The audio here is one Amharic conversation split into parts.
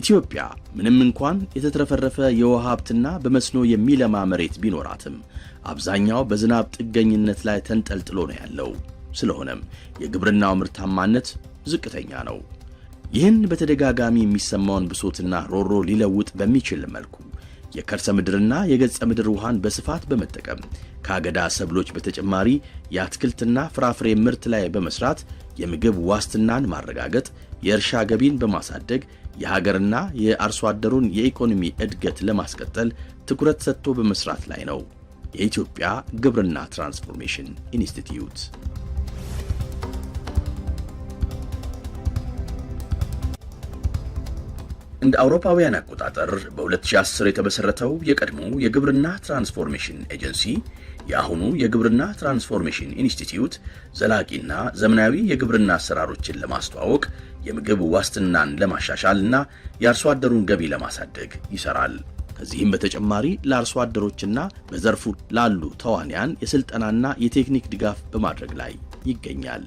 ኢትዮጵያ ምንም እንኳን የተትረፈረፈ የውሃ ሀብትና በመስኖ የሚለማ መሬት ቢኖራትም አብዛኛው በዝናብ ጥገኝነት ላይ ተንጠልጥሎ ነው ያለው። ስለሆነም የግብርናው ምርታማነት ዝቅተኛ ነው። ይህን በተደጋጋሚ የሚሰማውን ብሶትና ሮሮ ሊለውጥ በሚችል መልኩ የከርሰ ምድርና የገጸ ምድር ውሃን በስፋት በመጠቀም ከአገዳ ሰብሎች በተጨማሪ የአትክልትና ፍራፍሬ ምርት ላይ በመስራት የምግብ ዋስትናን ማረጋገጥ፣ የእርሻ ገቢን በማሳደግ የሀገርና የአርሶ አደሩን የኢኮኖሚ እድገት ለማስቀጠል ትኩረት ሰጥቶ በመስራት ላይ ነው። የኢትዮጵያ ግብርና ትራንስፎርሜሽን ኢንስቲትዩት እንደ አውሮፓውያን አቆጣጠር በ2010 የተመሰረተው የቀድሞ የግብርና ትራንስፎርሜሽን ኤጀንሲ የአሁኑ የግብርና ትራንስፎርሜሽን ኢንስቲትዩት ዘላቂና ዘመናዊ የግብርና አሰራሮችን ለማስተዋወቅ የምግብ ዋስትናን ለማሻሻል እና የአርሶ አደሩን ገቢ ለማሳደግ ይሰራል። ከዚህም በተጨማሪ ለአርሶ አደሮችና በዘርፉ ላሉ ተዋንያን የሥልጠናና የቴክኒክ ድጋፍ በማድረግ ላይ ይገኛል።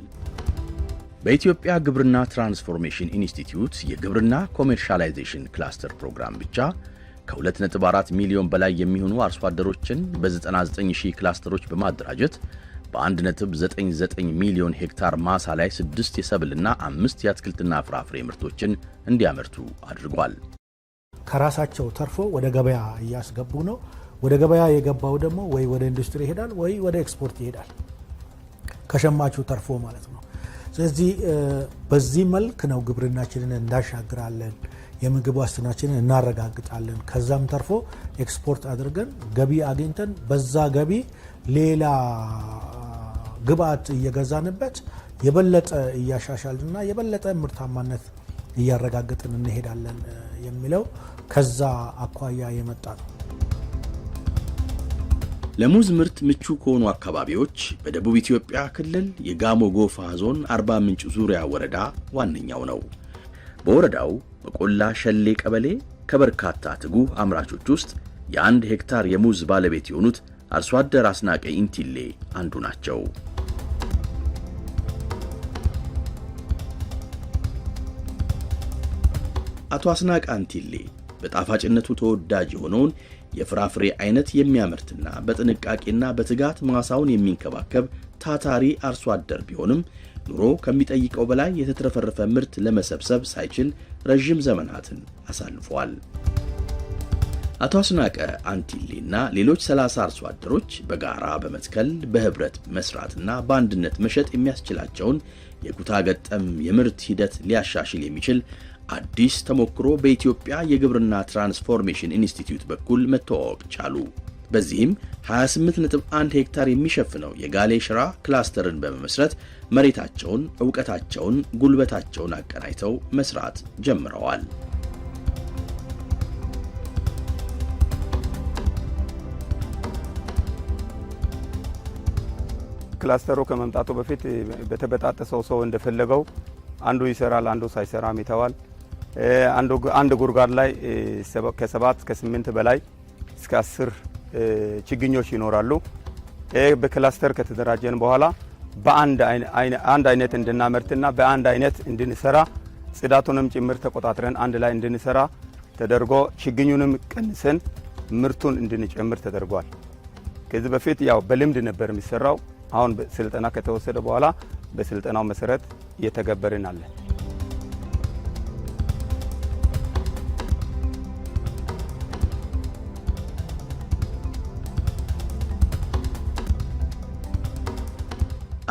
በኢትዮጵያ ግብርና ትራንስፎርሜሽን ኢንስቲትዩት የግብርና ኮሜርሻላይዜሽን ክላስተር ፕሮግራም ብቻ ከ2.4 ሚሊዮን በላይ የሚሆኑ አርሶ አደሮችን በ99 ሺህ ክላስተሮች በማደራጀት በ1.99 ሚሊዮን ሄክታር ማሳ ላይ ስድስት የሰብልና አምስት የአትክልትና ፍራፍሬ ምርቶችን እንዲያመርቱ አድርጓል። ከራሳቸው ተርፎ ወደ ገበያ እያስገቡ ነው። ወደ ገበያ የገባው ደግሞ ወይ ወደ ኢንዱስትሪ ይሄዳል ወይ ወደ ኤክስፖርት ይሄዳል። ከሸማቹ ተርፎ ማለት ነው። ስለዚህ በዚህ መልክ ነው ግብርናችንን እንዳሻግራለን፣ የምግብ ዋስትናችንን እናረጋግጣለን። ከዛም ተርፎ ኤክስፖርት አድርገን ገቢ አግኝተን በዛ ገቢ ሌላ ግብአት እየገዛንበት የበለጠ እያሻሻልንና የበለጠ ምርታማነት እያረጋገጥን እንሄዳለን የሚለው ከዛ አኳያ የመጣ ነው። ለሙዝ ምርት ምቹ ከሆኑ አካባቢዎች በደቡብ ኢትዮጵያ ክልል የጋሞ ጎፋ ዞን አርባ ምንጭ ዙሪያ ወረዳ ዋነኛው ነው። በወረዳው በቆላ ሸሌ ቀበሌ ከበርካታ ትጉህ አምራቾች ውስጥ የአንድ ሄክታር የሙዝ ባለቤት የሆኑት አርሶ አደር አስናቀ ኢንቲሌ አንዱ ናቸው። አቶ አስናቅ አንቲሌ በጣፋጭነቱ ተወዳጅ የሆነውን የፍራፍሬ አይነት የሚያመርትና በጥንቃቄና በትጋት ማሳውን የሚንከባከብ ታታሪ አርሶ አደር ቢሆንም ኑሮ ከሚጠይቀው በላይ የተትረፈረፈ ምርት ለመሰብሰብ ሳይችል ረዥም ዘመናትን አሳልፏል። አቶ አስናቀ አንቲሌና ሌሎች 30 አርሶ አደሮች በጋራ በመትከል በህብረት መስራትና በአንድነት መሸጥ የሚያስችላቸውን የኩታ ገጠም የምርት ሂደት ሊያሻሽል የሚችል አዲስ ተሞክሮ በኢትዮጵያ የግብርና ትራንስፎርሜሽን ኢንስቲትዩት በኩል መተዋወቅ ቻሉ። በዚህም 28.1 ሄክታር የሚሸፍነው የጋሌ ሽራ ክላስተርን በመመስረት መሬታቸውን፣ ዕውቀታቸውን፣ ጉልበታቸውን አቀናጅተው መስራት ጀምረዋል። ክላስተሩ ከመምጣቱ በፊት በተበጣጠሰው ሰው እንደፈለገው አንዱ ይሰራል፣ አንዱ ሳይሰራም ይተዋል። አንድ ጉድጓድ ላይ ከሰባት ከስምንት በላይ እስከ አስር ችግኞች ይኖራሉ። በክላስተር ከተደራጀን በኋላ በአንድ አይነት እንድናመርትና በአንድ አይነት እንድንሰራ ጽዳቱንም ጭምር ተቆጣጥረን አንድ ላይ እንድንሰራ ተደርጎ ችግኙንም ቀንሰን ምርቱን እንድንጨምር ተደርጓል። ከዚህ በፊት ያው በልምድ ነበር የሚሰራው። አሁን ስልጠና ከተወሰደ በኋላ በስልጠናው መሰረት እየተገበርን አለን።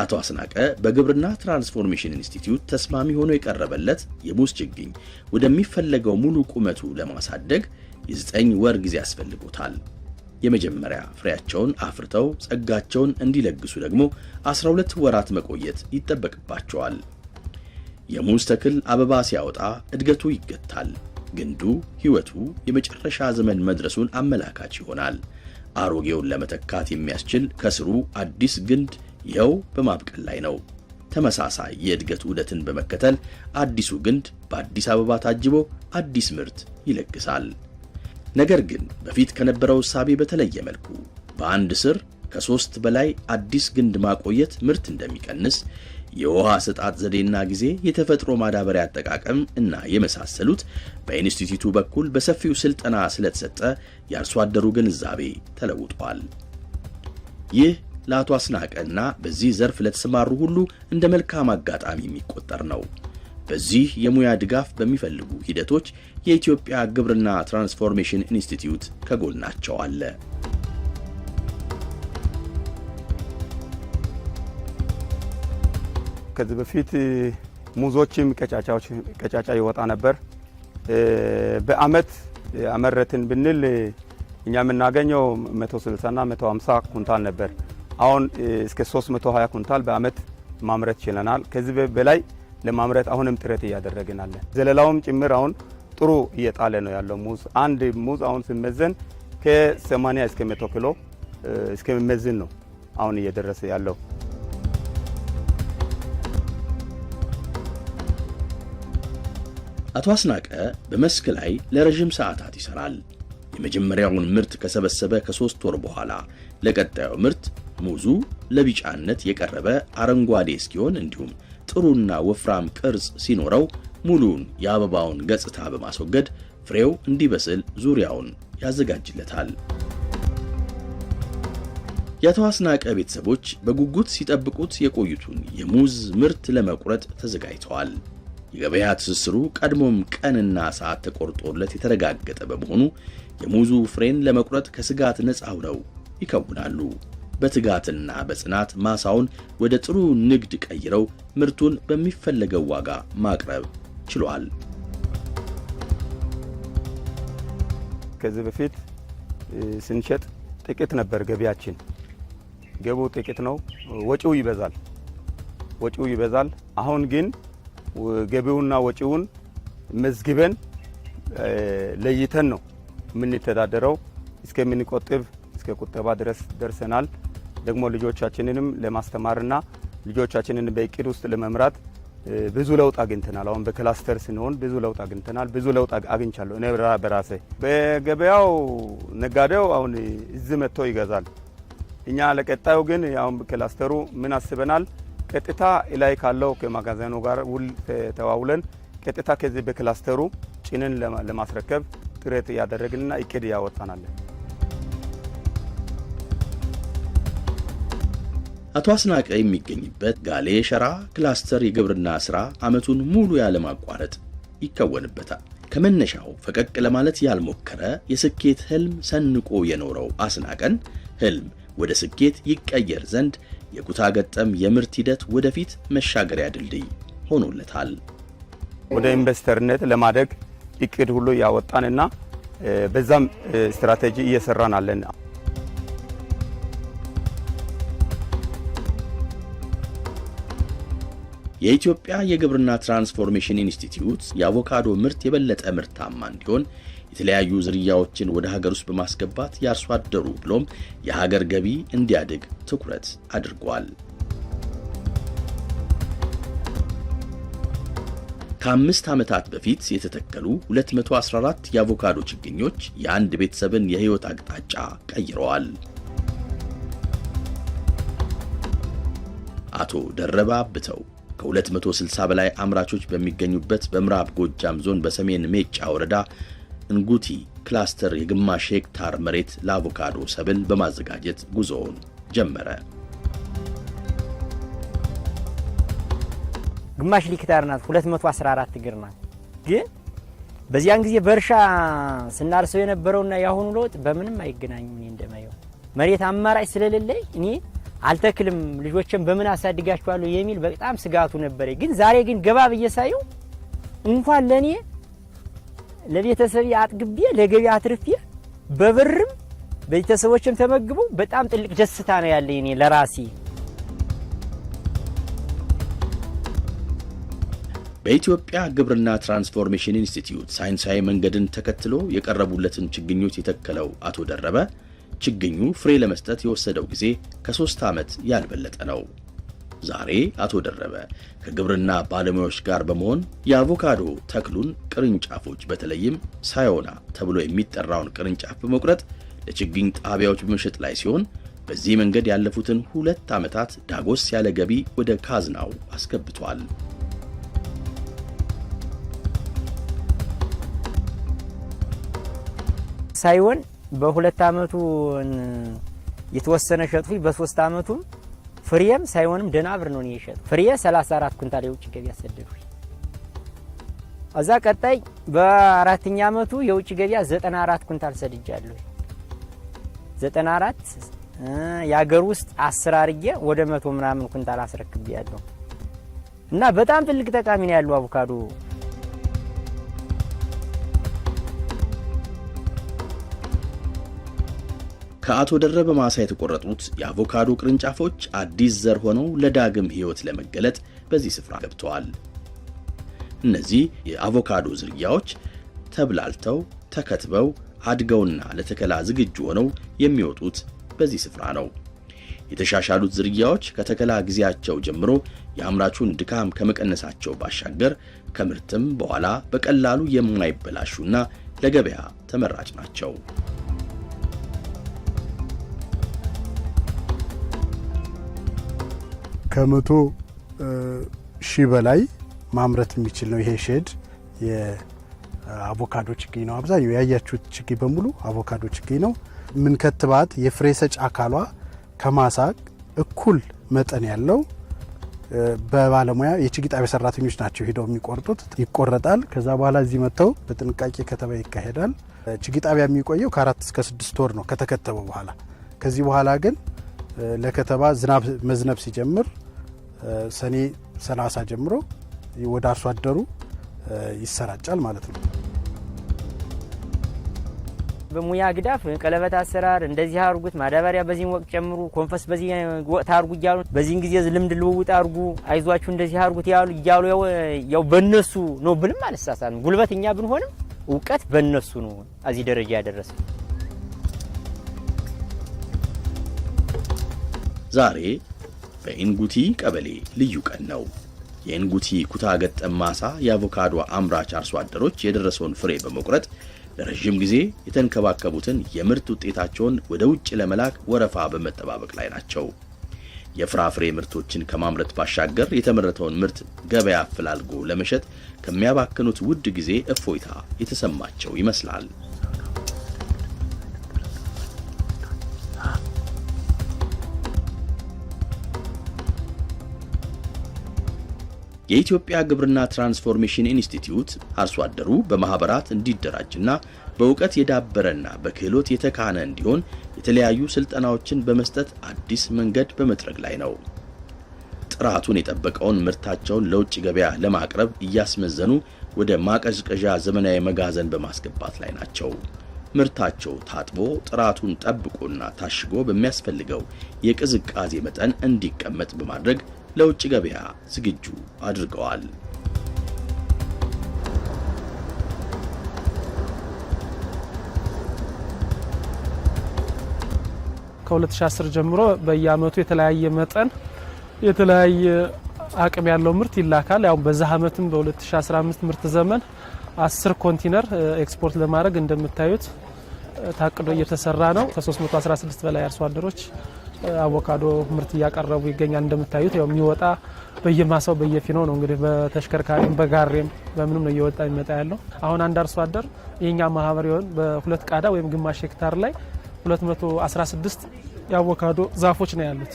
አቶ አስናቀ በግብርና ትራንስፎርሜሽን ኢንስቲትዩት ተስማሚ ሆኖ የቀረበለት የሙዝ ችግኝ ወደሚፈለገው ሙሉ ቁመቱ ለማሳደግ የዘጠኝ ወር ጊዜ ያስፈልጎታል። የመጀመሪያ ፍሬያቸውን አፍርተው ጸጋቸውን እንዲለግሱ ደግሞ 12 ወራት መቆየት ይጠበቅባቸዋል። የሙዝ ተክል አበባ ሲያወጣ እድገቱ ይገታል። ግንዱ ሕይወቱ የመጨረሻ ዘመን መድረሱን አመላካች ይሆናል። አሮጌውን ለመተካት የሚያስችል ከስሩ አዲስ ግንድ ይኸው በማብቀል ላይ ነው። ተመሳሳይ የእድገት ውደትን በመከተል አዲሱ ግንድ በአዲስ አበባ ታጅቦ አዲስ ምርት ይለግሳል። ነገር ግን በፊት ከነበረው እሳቤ በተለየ መልኩ በአንድ ስር ከሶስት በላይ አዲስ ግንድ ማቆየት ምርት እንደሚቀንስ የውሃ ስጣት ዘዴና ጊዜ፣ የተፈጥሮ ማዳበሪያ አጠቃቀም እና የመሳሰሉት በኢንስቲትዩቱ በኩል በሰፊው ስልጠና ስለተሰጠ የአርሶ አደሩ ግንዛቤ ተለውጧል። ይህ ለአቶ አስናቀና በዚህ ዘርፍ ለተሰማሩ ሁሉ እንደ መልካም አጋጣሚ የሚቆጠር ነው። በዚህ የሙያ ድጋፍ በሚፈልጉ ሂደቶች የኢትዮጵያ ግብርና ትራንስፎርሜሽን ኢንስቲትዩት ከጎናቸው አለ። ከዚህ በፊት ሙዞችም ቀጫጫ ይወጣ ነበር። በአመት አመረትን ብንል እኛ የምናገኘው 160ና 150 ኩንታል ነበር። አሁን እስከ 320 ኩንታል በአመት ማምረት ችለናል። ከዚህ በላይ ለማምረት አሁንም ጥረት እያደረግናለን። ዘለላውም ጭምር አሁን ጥሩ እየጣለ ነው ያለው ሙዝ አንድ ሙዝ አሁን ሲመዘን ከ80 እስከ 100 ኪሎ እስከሚመዝን ነው አሁን እየደረሰ ያለው። አቶ አስናቀ በመስክ ላይ ለረዥም ሰዓታት ይሰራል። የመጀመሪያውን ምርት ከሰበሰበ ከሶስት ወር በኋላ ለቀጣዩ ምርት ሙዙ ለቢጫነት የቀረበ አረንጓዴ እስኪሆን እንዲሁም ጥሩና ወፍራም ቅርጽ ሲኖረው ሙሉውን የአበባውን ገጽታ በማስወገድ ፍሬው እንዲበስል ዙሪያውን ያዘጋጅለታል። የተዋስናቀ ቤተሰቦች በጉጉት ሲጠብቁት የቆዩትን የሙዝ ምርት ለመቁረጥ ተዘጋጅተዋል። የገበያ ትስስሩ ቀድሞም ቀንና ሰዓት ተቆርጦለት የተረጋገጠ በመሆኑ የሙዙ ፍሬን ለመቁረጥ ከስጋት ነፃ ሆነው ይከውናሉ። በትጋትና በጽናት ማሳውን ወደ ጥሩ ንግድ ቀይረው ምርቱን በሚፈለገው ዋጋ ማቅረብ ችሏል። ከዚህ በፊት ስንሸጥ ጥቂት ነበር ገቢያችን። ገቢው ጥቂት ነው፣ ወጪው ይበዛል ወጪው ይበዛል። አሁን ግን ገቢውና ወጪውን መዝግበን ለይተን ነው የምንተዳደረው። እስከምንቆጥብ እስከ ቁጠባ ድረስ ደርሰናል። ደግሞ ልጆቻችንንም ለማስተማርና ልጆቻችንን በእቅድ ውስጥ ለመምራት ብዙ ለውጥ አግኝተናል። አሁን በክላስተር ስንሆን ብዙ ለውጥ አግኝተናል። ብዙ ለውጥ አግኝቻለሁ እኔ በራሴ በገበያው ነጋዴው አሁን እዚህ መጥቶ ይገዛል። እኛ ለቀጣዩ ግን አሁን ክላስተሩ ምን አስበናል? ቀጥታ ላይ ካለው ከማጋዘኑ ጋር ውል ተዋውለን ቀጥታ ከዚህ በክላስተሩ ጭንን ለማስረከብ ጥረት እያደረግንና እቅድ እያወጣናለን። አቶ አስናቀ የሚገኝበት ጋሌ ሸራ ክላስተር የግብርና ሥራ ዓመቱን ሙሉ ያለማቋረጥ ይከወንበታል። ከመነሻው ፈቀቅ ለማለት ያልሞከረ የስኬት ህልም ሰንቆ የኖረው አስናቀን ህልም ወደ ስኬት ይቀየር ዘንድ የኩታ ገጠም የምርት ሂደት ወደፊት መሻገሪያ ድልድይ ሆኖለታል። ወደ ኢንቨስተርነት ለማደግ እቅድ ሁሉ ያወጣንና በዛም ስትራቴጂ እየሰራን አለን። የኢትዮጵያ የግብርና ትራንስፎርሜሽን ኢንስቲትዩት የአቮካዶ ምርት የበለጠ ምርታማ እንዲሆን የተለያዩ ዝርያዎችን ወደ ሀገር ውስጥ በማስገባት ያርሶ አደሩ ብሎም የሀገር ገቢ እንዲያድግ ትኩረት አድርጓል። ከአምስት ዓመታት በፊት የተተከሉ 214 የአቮካዶ ችግኞች የአንድ ቤተሰብን የሕይወት አቅጣጫ ቀይረዋል። አቶ ደረባ ብተው ከ260 በላይ አምራቾች በሚገኙበት በምዕራብ ጎጃም ዞን በሰሜን ሜጫ ወረዳ እንጉቲ ክላስተር የግማሽ ሄክታር መሬት ለአቮካዶ ሰብል በማዘጋጀት ጉዞውን ጀመረ። ግማሽ ሄክታር ናት፣ 214 እግር ናት። ግን በዚያን ጊዜ በእርሻ ስናርሰው የነበረውና የአሁኑ ለውጥ በምንም አይገናኝም። እኔ እንደማየው መሬት አማራጭ ስለሌለኝ እኔ አልተክልም ልጆችን በምን አሳድጋቸዋለሁ የሚል በጣም ስጋቱ ነበረ። ግን ዛሬ ግን ገባ ብዬ ሳየው እንኳን ለእኔ ለቤተሰብ አጥግቤ ለገቢ አትርፌ በብርም ቤተሰቦችም ተመግቡ በጣም ጥልቅ ደስታ ነው ያለኝ እኔ ለራሴ። በኢትዮጵያ ግብርና ትራንስፎርሜሽን ኢንስቲትዩት ሳይንሳዊ መንገድን ተከትሎ የቀረቡለትን ችግኞች የተከለው አቶ ደረበ ችግኙ ፍሬ ለመስጠት የወሰደው ጊዜ ከሶስት ዓመት ያልበለጠ ነው። ዛሬ አቶ ደረበ ከግብርና ባለሙያዎች ጋር በመሆን የአቮካዶ ተክሉን ቅርንጫፎች በተለይም ሳዮና ተብሎ የሚጠራውን ቅርንጫፍ በመቁረጥ ለችግኝ ጣቢያዎች በመሸጥ ላይ ሲሆን በዚህ መንገድ ያለፉትን ሁለት ዓመታት ዳጎስ ያለ ገቢ ወደ ካዝናው አስገብቷል። ሳይሆን በሁለት አመቱ የተወሰነ ሸጥሁኝ። በሶስት አመቱም ፍሬም ሳይሆንም ደናብር ነው የሸጥ ፍሬ 34 ኩንታል የውጭ ገቢ አሰደድሁኝ። እዛ ቀጣይ በአራተኛ አመቱ የውጭ ገቢያ 94 ኩንታል ሰድጃለሁ። 94 የአገር ውስጥ 10 አርጌ ወደ መቶ ምናምን ኩንታል አስረክብ ያለው እና በጣም ትልቅ ጠቃሚ ነው ያለው አቮካዶ ከአቶ ደረበ ማሳ የተቆረጡት የአቮካዶ ቅርንጫፎች አዲስ ዘር ሆነው ለዳግም ሕይወት ለመገለጥ በዚህ ስፍራ ገብተዋል። እነዚህ የአቮካዶ ዝርያዎች ተብላልተው ተከትበው አድገውና ለተከላ ዝግጁ ሆነው የሚወጡት በዚህ ስፍራ ነው። የተሻሻሉት ዝርያዎች ከተከላ ጊዜያቸው ጀምሮ የአምራቹን ድካም ከመቀነሳቸው ባሻገር ከምርትም በኋላ በቀላሉ የማይበላሹና ለገበያ ተመራጭ ናቸው። ከመቶ ሺህ በላይ ማምረት የሚችል ነው። ይሄ ሼድ የአቮካዶ ችግኝ ነው። አብዛኛው ያያችሁት ችግኝ በሙሉ አቮካዶ ችግኝ ነው። ምንከትባት የፍሬ ሰጭ አካሏ ከማሳቅ እኩል መጠን ያለው በባለሙያ የችግኝ ጣቢያ ሰራተኞች ናቸው ሄደው የሚቆርጡት። ይቆረጣል። ከዛ በኋላ እዚህ መጥተው በጥንቃቄ ከተባ ይካሄዳል። ችግኝ ጣቢያ የሚቆየው ከአራት እስከ ስድስት ወር ነው ከተከተበ በኋላ። ከዚህ በኋላ ግን ለከተባ ዝናብ መዝነብ ሲጀምር ሰኔ 30 ጀምሮ ወደ አርሶ አደሩ ይሰራጫል ማለት ነው። በሙያ ግዳፍ ቀለበት አሰራር እንደዚህ አርጉት፣ ማዳበሪያ በዚህ ወቅት ጨምሩ፣ ኮንፈስ በዚህ ወቅት አርጉ እያሉ በዚህን ጊዜ ልምድ ልውውጥ አርጉ፣ አይዟችሁ እንደዚህ አርጉት ያሉ እያሉ ያው በነሱ ነው ብንም ጉልበት እኛ ብንሆንም እውቀት በነሱ ነው እዚህ ደረጃ ያደረሰ። ዛሬ በኢንጉቲ ቀበሌ ልዩ ቀን ነው። የኢንጉቲ ኩታ ገጠም ማሳ የአቮካዶ አምራች አርሶ አደሮች የደረሰውን ፍሬ በመቁረጥ ለረዥም ጊዜ የተንከባከቡትን የምርት ውጤታቸውን ወደ ውጭ ለመላክ ወረፋ በመጠባበቅ ላይ ናቸው። የፍራፍሬ ምርቶችን ከማምረት ባሻገር የተመረተውን ምርት ገበያ አፈላልጎ ለመሸጥ ከሚያባክኑት ውድ ጊዜ እፎይታ የተሰማቸው ይመስላል። የኢትዮጵያ ግብርና ትራንስፎርሜሽን ኢንስቲትዩት አርሶ አደሩ በማህበራት እንዲደራጅና በእውቀት የዳበረና በክህሎት የተካነ እንዲሆን የተለያዩ ስልጠናዎችን በመስጠት አዲስ መንገድ በመጥረግ ላይ ነው። ጥራቱን የጠበቀውን ምርታቸውን ለውጭ ገበያ ለማቅረብ እያስመዘኑ ወደ ማቀዝቀዣ ዘመናዊ መጋዘን በማስገባት ላይ ናቸው። ምርታቸው ታጥቦ ጥራቱን ጠብቆና ታሽጎ በሚያስፈልገው የቅዝቃዜ መጠን እንዲቀመጥ በማድረግ ለውጭ ገበያ ዝግጁ አድርገዋል። ከ2010 ጀምሮ በየአመቱ የተለያየ መጠን የተለያየ አቅም ያለው ምርት ይላካል። ያው በዛ አመትም በ2015 ምርት ዘመን 10 ኮንቲነር ኤክስፖርት ለማድረግ እንደምታዩት ታቅዶ እየተሰራ ነው። ከ316 በላይ አርሶ አደሮች አቮካዶ ምርት እያቀረቡ ይገኛል። እንደምታዩት ያው የሚወጣ በየማሳው በየፊኖ ነው እንግዲህ በተሽከርካሪም በጋሬም በምንም ነው እየወጣ የሚመጣ ያለው። አሁን አንድ አርሶ አደር የኛ ማህበር ይሆን በሁለት ቃዳ ወይም ግማሽ ሄክታር ላይ 216 የአቮካዶ ዛፎች ነው ያሉት።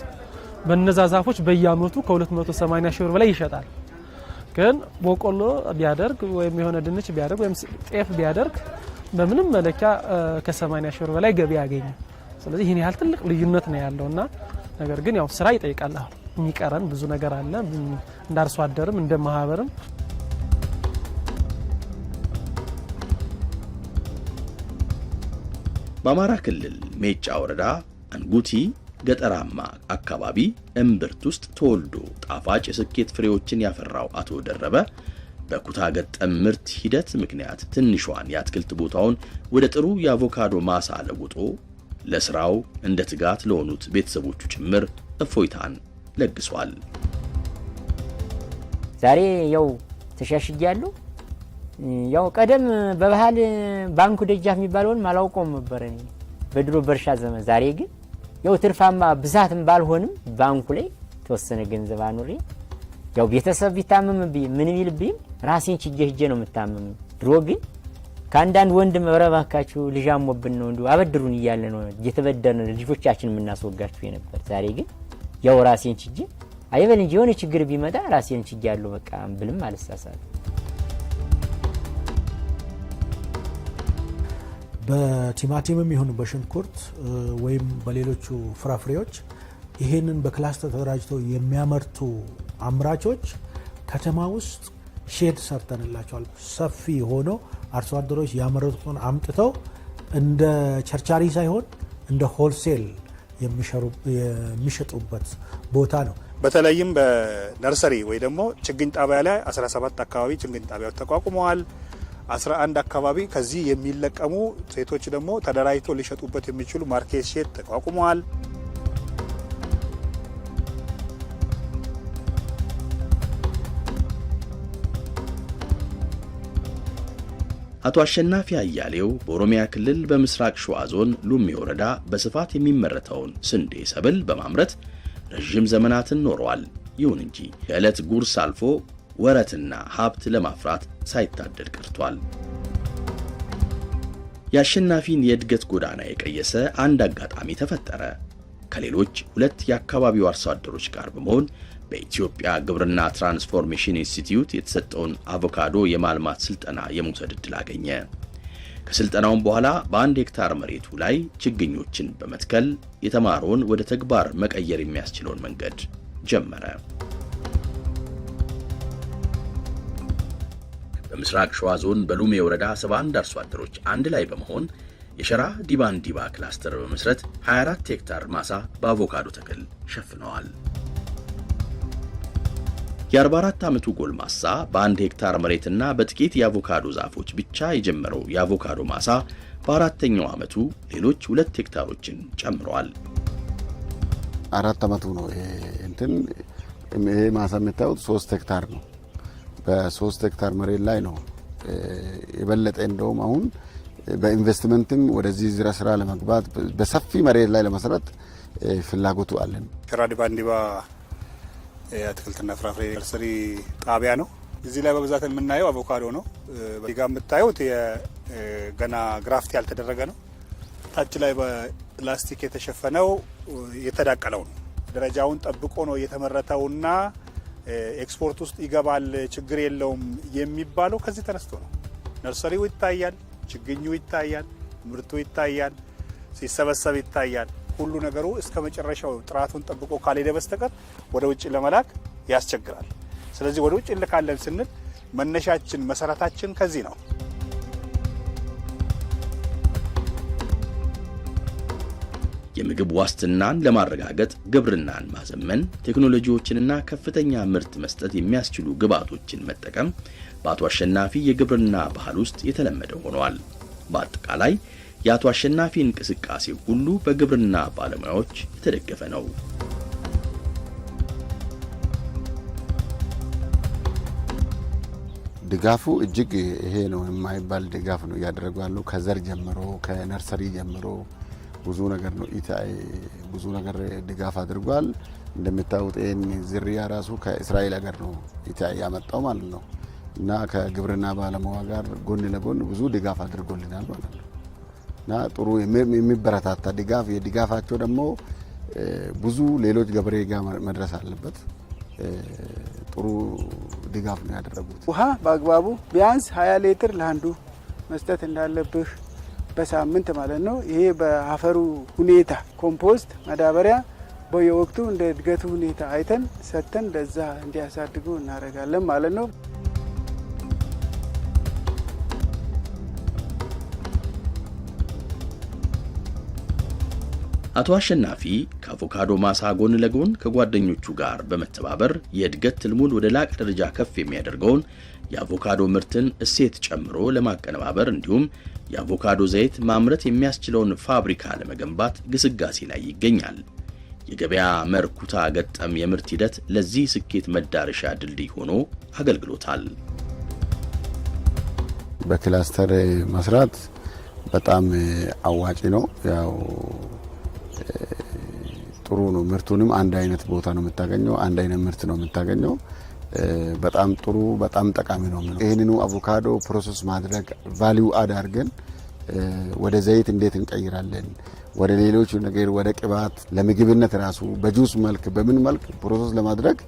በነዛ ዛፎች በየአመቱ ከ280 ሺህ ብር በላይ ይሸጣል። ግን በቆሎ ቢያደርግ ወይም የሆነ ድንች ቢያደርግ ወይም ጤፍ ቢያደርግ በምንም መለኪያ ከ80 ሺህ ብር በላይ ገቢ ያገኛል። ስለዚህ ይህን ያህል ትልቅ ልዩነት ነው ያለውና ነገር ግን ያው ስራ ይጠይቃል። የሚቀረን ብዙ ነገር አለ እንደ አርሶ አደርም እንደ ማህበርም በአማራ ክልል ሜጫ ወረዳ አንጉቲ ገጠራማ አካባቢ እምብርት ውስጥ ተወልዶ ጣፋጭ የስኬት ፍሬዎችን ያፈራው አቶ ደረበ በኩታ ገጠም ምርት ሂደት ምክንያት ትንሿን የአትክልት ቦታውን ወደ ጥሩ የአቮካዶ ማሳ ለውጦ ለስራው እንደ ትጋት ለሆኑት ቤተሰቦቹ ጭምር እፎይታን ለግሷል። ዛሬ ያው ተሻሽያለሁ። ያው ቀደም በባህል ባንኩ ደጃፍ የሚባለውን አላውቀውም ነበር በድሮ በእርሻ ዘመን። ዛሬ ግን ያው ትርፋማ ብዛትም ባልሆንም ባንኩ ላይ ተወሰነ ገንዘብ አኑሬ ያው ቤተሰብ ቢታመምብኝ ምን ቢልብኝም ራሴን ችጌ ሂጄ ነው የምታመም። ድሮ ግን ከአንዳንድ ወንድም እባካችሁ ልጅ አሞብን ነው እንዲሁ አበድሩን እያለ ነው እየተበደርን ልጆቻችን የምናስወጋችሁ የነበር። ዛሬ ግን ያው ራሴን ችጄ አይበል እንጂ የሆነ ችግር ቢመጣ ራሴን ችጄ ያሉ በቃ ብልም አልሳሳት። በቲማቲምም ይሁን በሽንኩርት ወይም በሌሎቹ ፍራፍሬዎች ይህንን በክላስተር ተደራጅተው የሚያመርቱ አምራቾች ከተማ ውስጥ ሼድ ሰርተንላቸዋል። ሰፊ ሆኖ አርሶ አደሮች ያመረቱትን አምጥተው እንደ ቸርቻሪ ሳይሆን እንደ ሆልሴል የሚሸጡበት ቦታ ነው። በተለይም በነርሰሪ ወይ ደግሞ ችግኝ ጣቢያ ላይ 17 አካባቢ ችግኝ ጣቢያዎች ተቋቁመዋል። 11 አካባቢ ከዚህ የሚለቀሙ ሴቶች ደግሞ ተደራጅቶ ሊሸጡበት የሚችሉ ማርኬት ሼድ ተቋቁመዋል። አቶ አሸናፊ አያሌው በኦሮሚያ ክልል በምስራቅ ሸዋ ዞን ሉሚ ወረዳ በስፋት የሚመረተውን ስንዴ ሰብል በማምረት ረዥም ዘመናትን ኖረዋል። ይሁን እንጂ ከዕለት ጉርስ አልፎ ወረትና ሀብት ለማፍራት ሳይታደል ቀርቷል። የአሸናፊን የእድገት ጎዳና የቀየሰ አንድ አጋጣሚ ተፈጠረ። ከሌሎች ሁለት የአካባቢው አርሶ አደሮች ጋር በመሆን በኢትዮጵያ ግብርና ትራንስፎርሜሽን ኢንስቲትዩት የተሰጠውን አቮካዶ የማልማት ስልጠና የመውሰድ ዕድል አገኘ። ከስልጠናውም በኋላ በአንድ ሄክታር መሬቱ ላይ ችግኞችን በመትከል የተማረውን ወደ ተግባር መቀየር የሚያስችለውን መንገድ ጀመረ። በምስራቅ ሸዋ ዞን በሉሜ ወረዳ 71 አርሶ አደሮች አንድ ላይ በመሆን የሸራ ዲባን ዲባ ክላስተር በመስረት 24 ሄክታር ማሳ በአቮካዶ ተክል ሸፍነዋል። የ44 ዓመቱ ጎልማሳ በአንድ ሄክታር መሬትና በጥቂት የአቮካዶ ዛፎች ብቻ የጀመረው የአቮካዶ ማሳ በአራተኛው ዓመቱ ሌሎች ሁለት ሄክታሮችን ጨምረዋል። አራት ዓመቱ ነው እንትን ይሄ ማሳ የምታዩት ሶስት ሄክታር ነው። በሶስት ሄክታር መሬት ላይ ነው የበለጠ እንደውም አሁን በኢንቨስትመንትም ወደዚህ ዝራ ስራ ለመግባት በሰፊ መሬት ላይ ለመስራት ፍላጎቱ አለን። ሽራዲ የአትክልትና ፍራፍሬ ነርሰሪ ጣቢያ ነው። እዚህ ላይ በብዛት የምናየው አቮካዶ ነው። እዚህ ጋ የምታዩት ገና ግራፍት ያልተደረገ ነው። ታች ላይ በላስቲክ የተሸፈነው የተዳቀለው ነው። ደረጃውን ጠብቆ ነው የተመረተውና ኤክስፖርት ውስጥ ይገባል፣ ችግር የለውም የሚባለው ከዚህ ተነስቶ ነው። ነርሰሪው ይታያል፣ ችግኙ ይታያል፣ ምርቱ ይታያል፣ ሲሰበሰብ ይታያል። ሁሉ ነገሩ እስከ መጨረሻው ጥራቱን ጠብቆ ካልሄደ በስተቀር ወደ ውጭ ለመላክ ያስቸግራል። ስለዚህ ወደ ውጭ እንልካለን ስንል መነሻችን መሰረታችን ከዚህ ነው። የምግብ ዋስትናን ለማረጋገጥ ግብርናን ማዘመን፣ ቴክኖሎጂዎችንና ከፍተኛ ምርት መስጠት የሚያስችሉ ግብዓቶችን መጠቀም በአቶ አሸናፊ የግብርና ባህል ውስጥ የተለመደ ሆኗል። በአጠቃላይ የአቶ አሸናፊ እንቅስቃሴ ሁሉ በግብርና ባለሙያዎች የተደገፈ ነው። ድጋፉ እጅግ ይሄ ነው የማይባል ድጋፍ ነው እያደረጉ ያለው። ከዘር ጀምሮ ከነርሰሪ ጀምሮ ብዙ ነገር ነው ኢታይ ብዙ ነገር ድጋፍ አድርጓል። እንደምታውቁት ይህን ዝርያ ራሱ ከእስራኤል ሀገር ነው ኢታይ ያመጣው ማለት ነው እና ከግብርና ባለሙያ ጋር ጎን ለጎን ብዙ ድጋፍ አድርጎልናል ማለት ነው። እና ጥሩ የሚበረታታ ድጋፍ የድጋፋቸው ደግሞ ብዙ ሌሎች ገበሬ ጋር መድረስ አለበት። ጥሩ ድጋፍ ነው ያደረጉት። ውሃ በአግባቡ ቢያንስ ሀያ ሌትር ለአንዱ መስጠት እንዳለብህ በሳምንት ማለት ነው። ይሄ በአፈሩ ሁኔታ ኮምፖስት፣ ማዳበሪያ በየወቅቱ እንደ እድገቱ ሁኔታ አይተን ሰጥተን ለዛ እንዲያሳድጉ እናደርጋለን ማለት ነው። አቶ አሸናፊ ከአቮካዶ ማሳ ጎን ለጎን ከጓደኞቹ ጋር በመተባበር የእድገት ትልሙን ወደ ላቀ ደረጃ ከፍ የሚያደርገውን የአቮካዶ ምርትን እሴት ጨምሮ ለማቀነባበር እንዲሁም የአቮካዶ ዘይት ማምረት የሚያስችለውን ፋብሪካ ለመገንባት ግስጋሴ ላይ ይገኛል። የገበያ መርኩታ ገጠም የምርት ሂደት ለዚህ ስኬት መዳረሻ ድልድይ ሆኖ አገልግሎታል። በክላስተር መስራት በጣም አዋጪ ነው ያው ጥሩ ነው። ምርቱንም አንድ አይነት ቦታ ነው የምታገኘው፣ አንድ አይነት ምርት ነው የምታገኘው። በጣም ጥሩ በጣም ጠቃሚ ነው። ይህንኑ አቮካዶ ፕሮሰስ ማድረግ ቫሊዩ አድ አድርገን ወደ ዘይት እንዴት እንቀይራለን፣ ወደ ሌሎች ነገር ወደ ቅባት፣ ለምግብነት ራሱ በጁስ መልክ በምን መልክ ፕሮሰስ ለማድረግ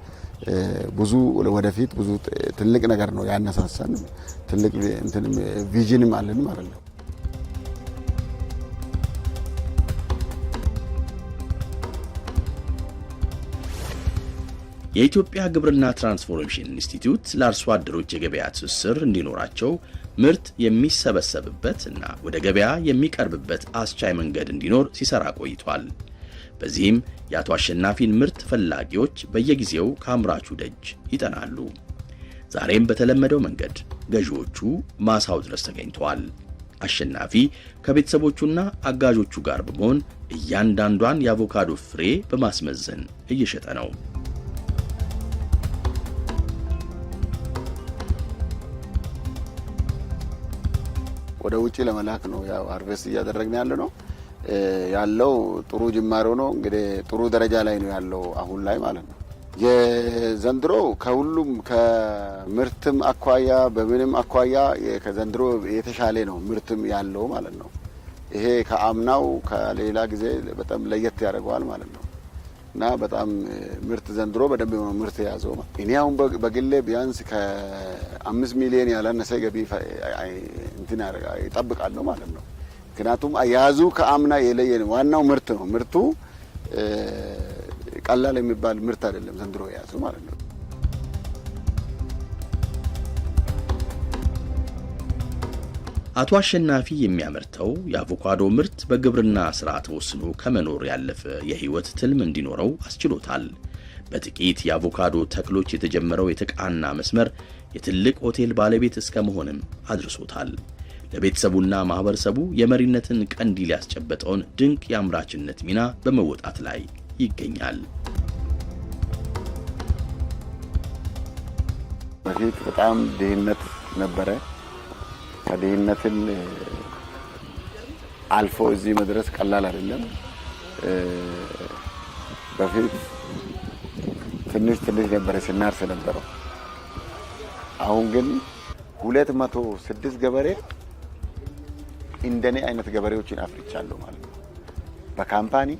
ብዙ ወደፊት ብዙ ትልቅ ነገር ነው ያነሳሳን። ትልቅ ቪዥንም አለን ማለት ነው። የኢትዮጵያ ግብርና ትራንስፎርሜሽን ኢንስቲትዩት ለአርሶ አደሮች የገበያ ትስስር እንዲኖራቸው ምርት የሚሰበሰብበት እና ወደ ገበያ የሚቀርብበት አስቻይ መንገድ እንዲኖር ሲሰራ ቆይቷል። በዚህም የአቶ አሸናፊን ምርት ፈላጊዎች በየጊዜው ከአምራቹ ደጅ ይጠናሉ። ዛሬም በተለመደው መንገድ ገዢዎቹ ማሳው ድረስ ተገኝተዋል። አሸናፊ ከቤተሰቦቹና አጋዦቹ ጋር በመሆን እያንዳንዷን የአቮካዶ ፍሬ በማስመዘን እየሸጠ ነው። ወደ ውጭ ለመላክ ነው ያው አርቨስት እያደረግን ያለ ነው ያለው ጥሩ ጅማሬ ነው። እንግዲህ ጥሩ ደረጃ ላይ ነው ያለው አሁን ላይ ማለት ነው። የዘንድሮ ከሁሉም ከምርትም አኳያ በምንም አኳያ ከዘንድሮ የተሻለ ነው ምርትም ያለው ማለት ነው። ይሄ ከአምናው ከሌላ ጊዜ በጣም ለየት ያደርገዋል ማለት ነው። እና በጣም ምርት ዘንድሮ በደንብ የሆነ ምርት የያዘው እኔ አሁን በግሌ ቢያንስ ከአምስት ሚሊዮን ያላነሰ ገቢ እንትን ይጠብቃለሁ ማለት ነው። ምክንያቱም አያያዙ ከአምና የለየ ዋናው ምርት ነው። ምርቱ ቀላል የሚባል ምርት አይደለም ዘንድሮ የያዘው ማለት ነው። አቶ አሸናፊ የሚያመርተው የአቮካዶ ምርት በግብርና ሥራ ተወስኖ ከመኖር ያለፈ የሕይወት ትልም እንዲኖረው አስችሎታል። በጥቂት የአቮካዶ ተክሎች የተጀመረው የተቃና መስመር የትልቅ ሆቴል ባለቤት እስከ መሆንም አድርሶታል። ለቤተሰቡና ማኅበረሰቡ የመሪነትን ቀንዲል ያስጨበጠውን ድንቅ የአምራችነት ሚና በመወጣት ላይ ይገኛል። በፊት በጣም ድህነት ነበረ። ከድህነትን አልፎ እዚህ መድረስ ቀላል አይደለም። በፊት ትንሽ ትንሽ ነበረ ስናርስ ነበረው። አሁን ግን ሁለት መቶ ስድስት ገበሬ እንደኔ አይነት ገበሬዎችን አፍርቻለሁ ማለት ነው። በካምፓኒ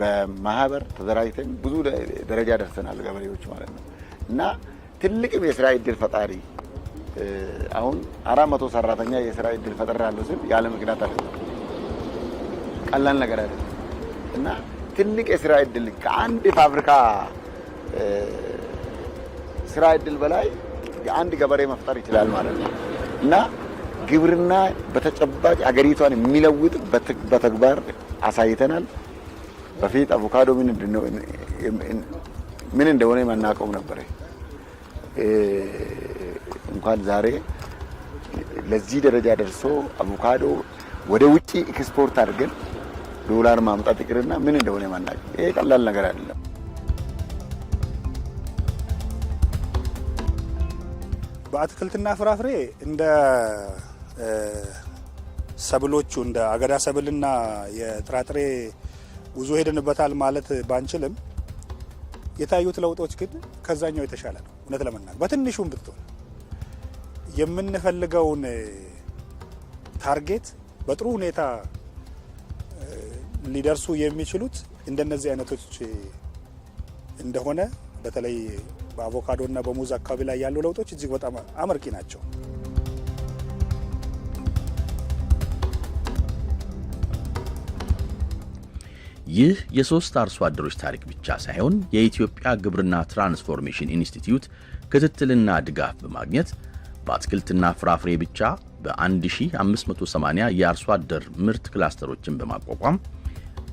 በማህበር ተደራጅተን ብዙ ደረጃ ደርሰናል ገበሬዎች ማለት ነው እና ትልቅም የስራ እድል ፈጣሪ አሁን አራት መቶ ሰራተኛ የስራ እድል ፈጠር ያለው ስል ያለ ምክንያት አይደለም፣ ቀላል ነገር አይደለም እና ትልቅ የስራ እድል ከአንድ ፋብሪካ ስራ እድል በላይ የአንድ ገበሬ መፍጠር ይችላል ማለት ነው እና ግብርና በተጨባጭ አገሪቷን የሚለውጥ በተግባር አሳይተናል። በፊት አቮካዶ ምን እንደሆነ መናቀው ነበረ። እንኳን ዛሬ ለዚህ ደረጃ ደርሶ አቮካዶ ወደ ውጪ ኤክስፖርት አድርገን ዶላር ማምጣት ይቅርና ምን እንደሆነ ማናቅ። ይሄ ቀላል ነገር አይደለም። በአትክልትና ፍራፍሬ እንደ ሰብሎቹ እንደ አገዳ ሰብልና የጥራጥሬ ብዙ ሄደንበታል ማለት ባንችልም የታዩት ለውጦች ግን ከዛኛው የተሻለ ነው። እውነት ለመናገር በትንሹም ብትሆን የምንፈልገውን ታርጌት በጥሩ ሁኔታ ሊደርሱ የሚችሉት እንደነዚህ አይነቶች እንደሆነ በተለይ በአቮካዶ እና በሙዝ አካባቢ ላይ ያሉ ለውጦች እጅግ በጣም አመርቂ ናቸው። ይህ የሶስት አርሶ አደሮች ታሪክ ብቻ ሳይሆን የኢትዮጵያ ግብርና ትራንስፎርሜሽን ኢንስቲትዩት ክትትልና ድጋፍ በማግኘት በአትክልትና ፍራፍሬ ብቻ በ1580 የአርሶ አደር ምርት ክላስተሮችን በማቋቋም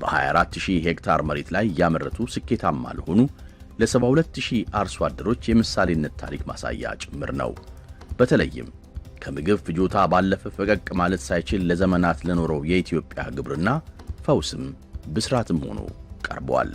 በ24000 ሄክታር መሬት ላይ እያመረቱ ስኬታማ ለሆኑ ለ72000 አርሶ አደሮች የምሳሌነት ታሪክ ማሳያ ጭምር ነው። በተለይም ከምግብ ፍጆታ ባለፈ ፈቀቅ ማለት ሳይችል ለዘመናት ለኖረው የኢትዮጵያ ግብርና ፈውስም ብስራትም ሆኖ ቀርቧል።